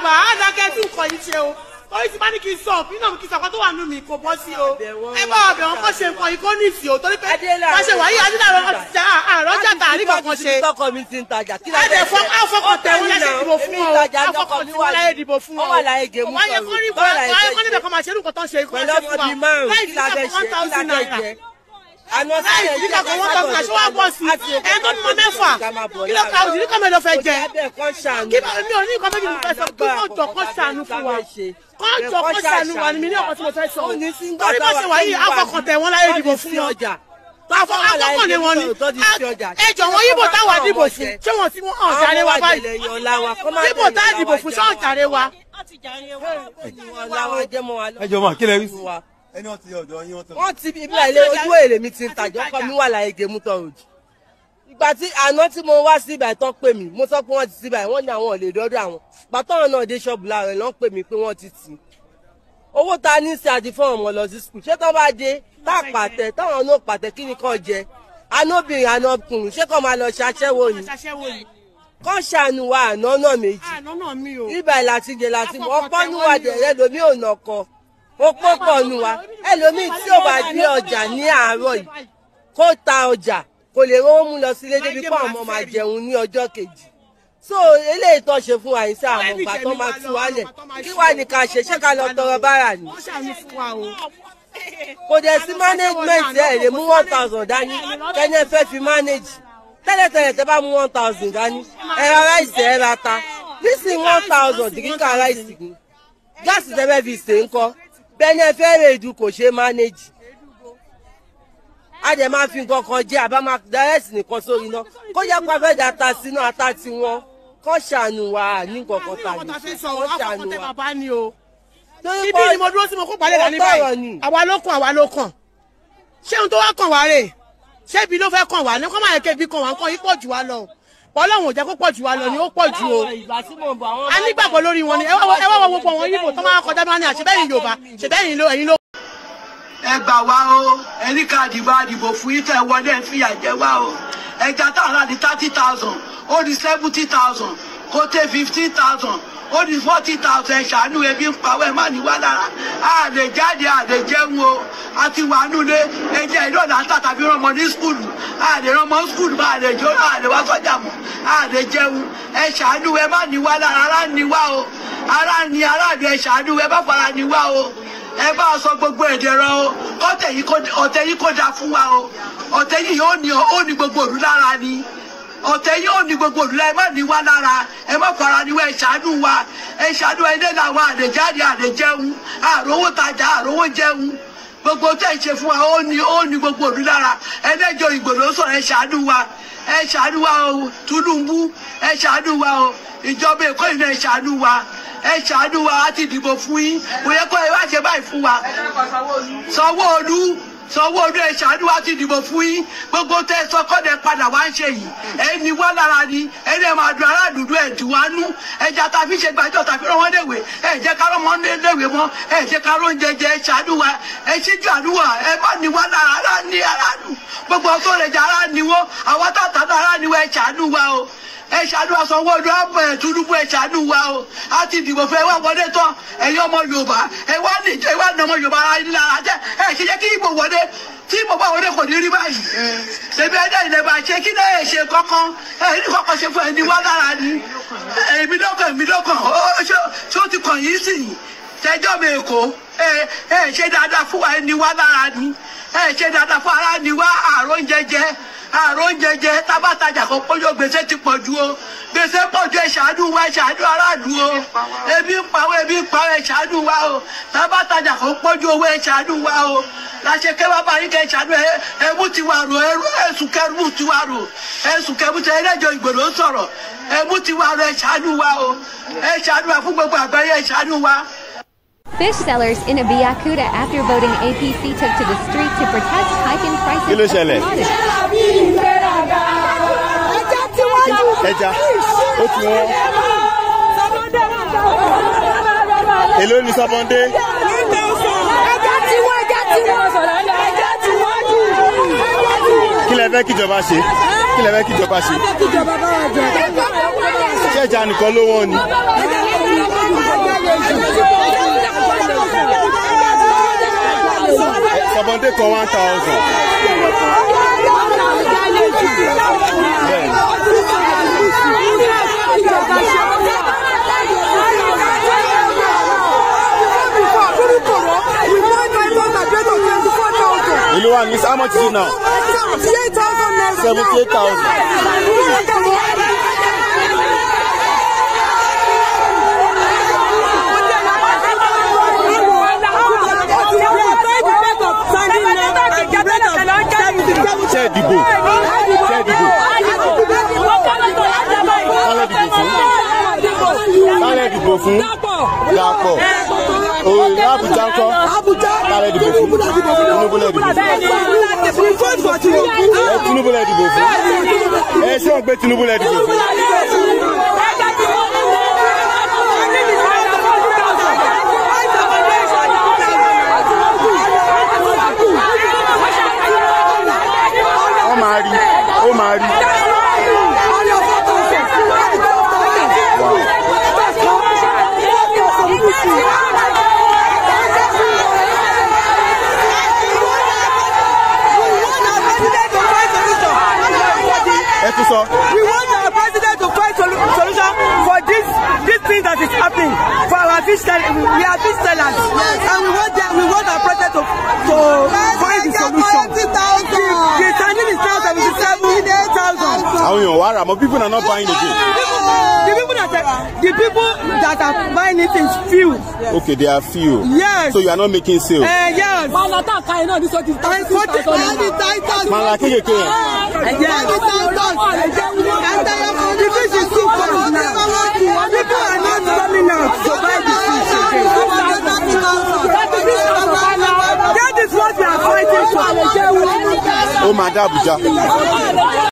àgbà àdá kẹ́sì nǹkan yìí ṣe o orí ti bá ní kí n sọ nínú àwọn kìsà kan tó wà nínú mi kò bọ́ sí o oh. ẹ bá ọbẹ̀ wọn kọ́ ṣe nǹkan yìí kó ní ìsì o oh. torí pé wọ́n ṣe wáyé adíláwọ̀ wọn ti ta àrọ́jà tà ní kankan ṣe. tọkọ mi ti ń tajà kí lóde ṣe ọkọ tẹ̀wé náà èmi ń tajà tọkọ mi wà láyé ìdìbò fún ọ wà láyé gèmú sọ̀rọ̀ wà láyé gèmú sọ̀rọ̀ pẹ̀lú ọmọdé márùn-ún kí lóde ṣe kí lóde ṣe láì sí kakọ wọn kọ fún aṣọwọ bọ sí ẹ tó ní mọ mẹ́fà kí ló ka òsì kọ mẹlẹ fẹ́ jẹ kí mi ò ní nǹkan méjì nípa sọ kí wọn jọ kọ ṣàánú fún wa kọ jọ kọ ṣàánú wa ni mi ní ọkọ tí mo fẹ́ sọ torí bá ṣe wà yìí afọkàntẹ wọn láyé ìdìbò fún wọn akọkọ ni wọn ni ẹ jọ wọn yíbo táwa dìbò sí ṣé wọn ti mú ọ̀jàre wa báyìí yíbo tá a dìbò fún ṣé ọ̀jàre wa. ẹ jọ mọ kí lè rí sí ẹni wọn ti ọ̀dọ̀ yín wọn tọ. wọn ti ibi àìlè ojú èrè mi ti ń tàjọ kọ mi wà láyé gèmú tọ òjì ìgbà tí àná tí mo wá sí ibà tán pè mí mo sọ pé wọn ti sí ibà wọn ní àwọn ò lè dọ̀dọ̀ àwọn bàtọ́rọ̀ náà dé ṣọ́ọ̀bù láàrin lọ́n pè mí pé wọ́n ti tì í owó ta ní sí àti fún ọmọ lọ sí skul ṣé tán bá dé tá a pàtẹ táwọn náà pàtẹ kí ni kàn jẹ anóbìnrin anọkùnrin ṣé kàn máa lọ ṣaṣẹ́wó ni kọ́ ṣàánú wa àná náà méjì ibà ìlàtìjẹ làtìmọ́ ọpọ́nú wa dẹ̀rẹ́ lómi ò nà kan opó pọ̀ nù wa ẹlòmíì tí ò bá gbé ọjà ní àárọ̀ yìí kó ta ọjà kò lè rówó mú lọ sílé débi pé àwọn ọmọ máa jẹun ní ọjọ́ kejì so eléyìí tó ṣe fún wa yìí sí àwọn ọgbà tó máa tú wa lẹ̀ kí wàá ní ká ṣe ṣé ká lọ tọrọ bára ni kò dẹ̀ sí management ẹ̀ lè mú one thousand dání kẹ́ni ẹ fẹ́ fi manage tẹ́lẹ̀tẹ́lẹ̀ tẹ́ bá mú one thousand dání ẹ ra ráìsì ẹ ra ta nísìnyí one thousand kìkà ráìsì gáàsì tẹ́ fi ṣe ń kọ́ bẹ́ẹ̀ni ẹ fẹ́ rèédu kò ṣe mánéjì a dẹ̀ máa fi nǹkan kan jẹ́ àbá máa dárẹ́sì nìkan sórí iná kó jẹ́ pa fẹ́ data síná ata tiwọn kọ́ ṣàánú wa ní nǹkan kan tà ní ṣàánú wa. ibi ni mo dúró sí mo kó palẹ̀ dání báyìí àwa ló kàn àwa ló kàn ṣé ohun tó wá kàn wá rè ṣé ibi ló fẹ́ kàn wá ní kó máa yẹ kébi kàn wá nǹkan yìí pọ̀ jù wá lọ ọlọ́run ò jẹ́ kó pọ̀ jù wa lọ ni ó pọ̀ jù o a nígbàgbọ́ lórí wọn ni ẹ wá wọ gbogbo àwọn yìnbọn tó máa kọjá máa ní àṣebẹ́yìn yorùbá ṣèbẹ́yìn ló ẹ̀yìn ló. ẹ gbà wá o ẹni ká dìbò àdìbò fún yìí tẹ wọlé ẹ fìyà jẹ wá o ẹja tá a rà thirty thousand ó di seventy thousand kó tẹ fifteen thousand ó di forty thousand ṣàánú ebi ń pawọ́ ẹ má ní wá lára a lè jáde a lè jẹun o a ti wà nulẹ̀ ẹjẹ ìlú ọ̀nà àtàtàbí rọmọ skul a lè rọmọ skul bá a lè jó a lè wá sọ́jà. àdè jẹun ẹ ṣàánú ẹ má níwá lára ara níwá o ara ni aráàlú ẹ ṣàánú ẹ fara níwá o ẹ bá a sọ gbogbo o ọ̀tẹ̀ yìí kò fún wa o ọ̀tẹ̀ yìí gbogbo òru lára ni yìí gbogbo òru lára ẹ má ẹ wa ẹ ṣàánú ẹ gbogbo ṣe fún wa gbogbo òru lára ẹ ṣàánú wa o Tinubu ẹ ṣàánú wa o ìjọba Èkó yìí náà ẹ ṣàánú wa ẹ ṣàánú wa á ti dìbò fún yín kò yẹ kó ẹ wá ṣe báyìí fún wa Sanwó-Olú. Sanwó-Olú ẹ ṣàánú wa ti dìbò fún yín gbogbo tẹ sọkọdẹ padà wá ń ṣe yìí ẹni wá lára ni ẹni ẹ máa dùn ará dùdú ẹ dùn wá nú ẹja ta fi ṣe gbàjọ tàbí rán wọn léwe ẹ jẹ ká rán wọn léwe mọ ẹ jẹ ká rán jẹjẹ ẹ ṣàánú wa ẹ ṣíjú àdúrà ẹ má ní wá lára ará ní ará nù gbogbo tó lè jẹ ará ni wọn àwọn tàtà náà ará ni wọn ẹ ṣàánú wa o ẹ ṣàánú wa Sanwó-Olú àmọ́ ẹ Tinubu ẹ ṣàánú wa o a ti dìbò fún ẹ wá wọlé tán ẹ̀yin ọmọ Yorùbá ẹ wá nìjẹ dọmọ yorùbá ara yín lára jẹ ẹ kì í jẹ kí ìbò wọlé tí ìbò bá wọlé kò ní rí báyìí ẹbí ẹdẹ ìlẹba ṣe kí náà ẹ ṣe kankan ẹ ní kankan ṣe fún ẹni wá lára ni èmi lọkàn èmi lọkàn ṣé ó ti kàn yín sí i tẹjọ mi èkó ẹ ṣe dáadáa fún ẹni wá lára ni ẹ ṣe dáadáa fún ara ni wá àrùn jẹjẹ àrò oúnjẹ jẹ tábàtajà kan kójó gbèsè ti pọ̀ ju o gbèsè pọ̀ ju ẹ ṣàánú wa ẹ ṣàánú aráàlú o ebi ń pa wá ebi ń pa wá ẹ wa o tábàtajà kan kójó owó ẹ ṣàánú wa o làṣẹ kẹwà bá yín kẹ ṣàánú ẹ ẹmú ti wà rò ẹsùn kẹrù ti wà rò ẹsùn kẹrù ti ẹlẹjọ ìgbòdò sọ̀rọ̀ ẹmú ti wà rò ẹ ṣàánú wa o ẹ ṣàánú wa fún gbogbo àgbáyé ẹ ṣàánú wa. Fish sellers in Abiyakuta after voting APC took to the street to protest hike in prices Hello, Bonde. Sabonde for one thousand. Iluwan, how much is it now? Seventy-eight thousand. tẹ́ ẹ̀ dìbò tẹ́ ẹ̀ dìbò. tálẹ̀ dìbò fún Dàpọ̀ òye Àbújá ńkọ́ tálẹ̀ dìbò fún Tinubu lẹ̀ dìbò fún Tinubu lẹ̀ dìbò fún ẹ ṣé òun gbé Tinubu lẹ̀ dìbò fún. happening for our fish We are fish And we want them, we want our president to, to find the solution. The standing is now thousand. How you are? But people are not buying again. The people that the people that are buying it is few. Okay, they are few. Yes. So you are not making sales. Uh, eh, yes. Malata I know this what is Malata kekeke. Eh, yes. Eh, Malata kekeke. ó máa dá Àbújá.